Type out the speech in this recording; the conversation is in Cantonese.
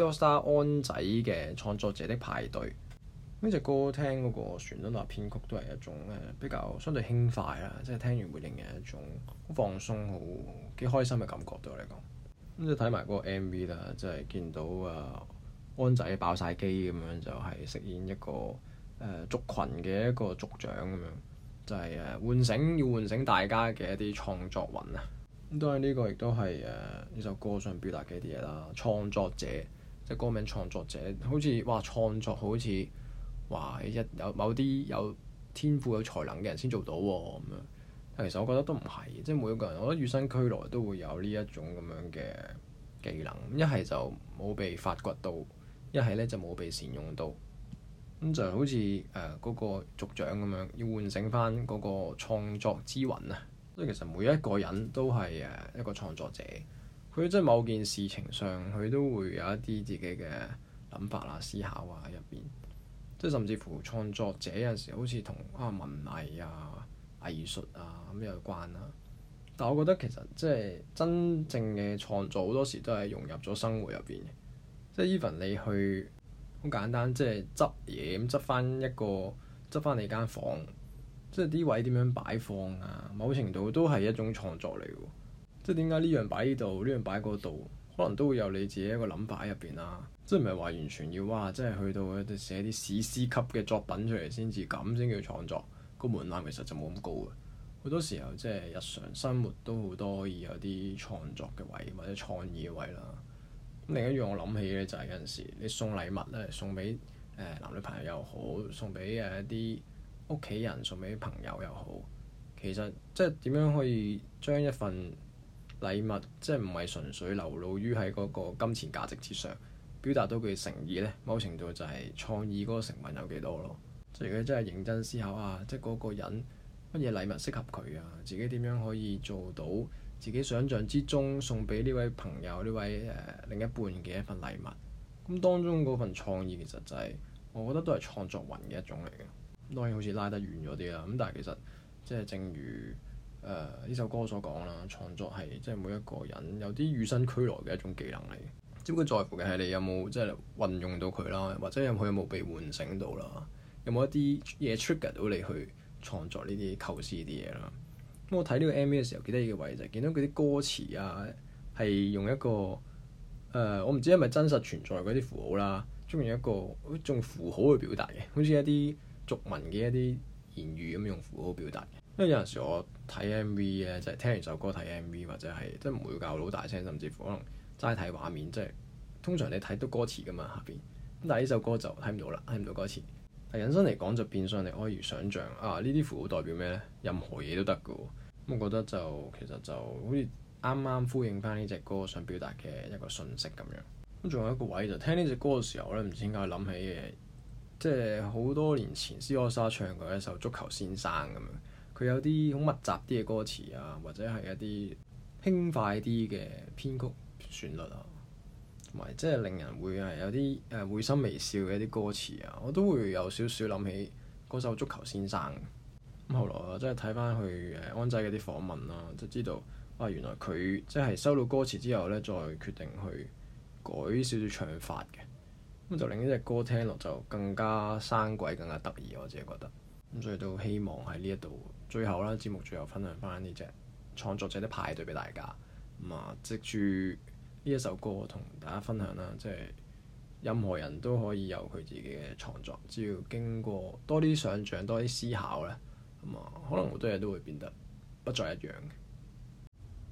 《Star 安仔》嘅《創作者的派對》呢隻歌聽嗰個旋律同埋編曲都係一種誒、呃、比較相對輕快啦，即係聽完會令人一種好放鬆、好幾開心嘅感覺對我嚟講。咁就睇埋嗰個 MV 啦，即係見到啊安仔爆晒機咁樣，就係、是、飾演一個誒、呃、族群嘅一個族長咁樣，就係誒喚醒要喚醒大家嘅一啲創作魂、嗯、啊。咁當然呢個亦都係誒呢首歌想表達嘅一啲嘢啦，創作者。即係歌名創作者，好似話創作好，好似哇一有某啲有天賦有才能嘅人先做到喎、哦、咁樣。但其實我覺得都唔係，即係每一個人，我覺得與生俱來都會有呢一種咁樣嘅技能。一係就冇被發掘到，一係咧就冇被善用到。咁就好似誒、呃嗰個族長咁樣要喚醒翻嗰個創作之魂啊！即係其實每一個人都係誒一個創作者。佢即係某件事情上，佢都會有一啲自己嘅諗法啊、思考啊入邊，即係甚至乎創作者有陣時好似同啊文藝啊、藝術啊咁有關啊。但係我覺得其實即係真正嘅創作好多時都係融入咗生活入邊，即係 even 你去好簡單，即係執嘢咁執翻一個執翻你間房，即係啲位點樣擺放啊，某程度都係一種創作嚟㗎。即係點解呢樣擺呢度，呢樣擺嗰度，可能都會有你自己一個諗法喺入邊啦。即係唔係話完全要哇，即係去到寫啲史詩級嘅作品出嚟先至咁先叫創作。個門檻，其實就冇咁高嘅。好多時候即係日常生活都好多而有啲創作嘅位或者創意嘅位啦。咁另一樣我諗起咧就係有陣時你送禮物咧，送俾誒、呃、男女朋友又好，送俾一啲屋企人，送俾朋友又好，其實即係點樣可以將一份。禮物即係唔係純粹流露於喺嗰個金錢價值之上，表達到佢嘅誠意呢某程度就係創意嗰個成分有幾多咯。所以佢真係認真思考下、啊，即係嗰個人乜嘢禮物適合佢啊？自己點樣可以做到自己想像之中送俾呢位朋友、呢位誒、呃、另一半嘅一份禮物？咁當中嗰份創意其實就係、是、我覺得都係創作魂嘅一種嚟嘅。當然好似拉得遠咗啲啦，咁但係其實即係正如。誒呢、呃、首歌所講啦，創作係即係每一個人有啲與生俱來嘅一種技能嚟，只不過在乎嘅係你有冇即係運用到佢啦，或者有冇有冇被喚醒到啦，有冇一啲嘢 trigger 到你去創作呢啲構思啲嘢啦。咁我睇呢個 MV 嘅時候，記得，呢個位置，見、就係、到佢啲歌詞啊，係用一個誒、呃，我唔知係咪真實存在嗰啲符號啦，中意一個好似一一一用符號去表達嘅，好似一啲俗文嘅一啲言語咁用符號表達嘅。因為有陣時我睇 M V 咧，就係聽完首歌睇 M V，或者係即係唔會教老大聲，甚至乎可能齋睇畫面。即係通常你睇到歌詞㗎嘛，下邊，咁但係呢首歌就睇唔到啦，睇唔到歌詞。但係人生嚟講就變相，你可以想像啊，呢啲符號代表咩咧？任何嘢都得㗎。咁我覺得就其實就好似啱啱呼應返呢隻歌想表達嘅一個訊息咁樣。咁仲有一個位就是、聽呢隻歌嘅時候咧，唔知點解諗起嘅，即係好多年前 C AllStar 唱過一首《足球先生》咁樣。佢有啲好密集啲嘅歌詞啊，或者係一啲輕快啲嘅編曲旋律啊，同埋即係令人會係有啲誒會心微笑嘅一啲歌詞啊，我都會有少少諗起嗰首足球先生。咁後來我真係睇翻佢誒安仔嘅啲訪問啦、啊，就知道啊原來佢即係收到歌詞之後咧，再決定去改少少，少唱法嘅，咁就令呢隻歌聽落就更加生鬼，更加得意。我自己覺得。咁所以都希望喺呢一度最後啦，節目最後分享翻呢隻創作者的派對俾大家。咁啊，藉住呢一首歌同大家分享啦，即係任何人都可以有佢自己嘅創作，只要經過多啲想象、多啲思考咧，咁啊，可能好多嘢都會變得不再一樣。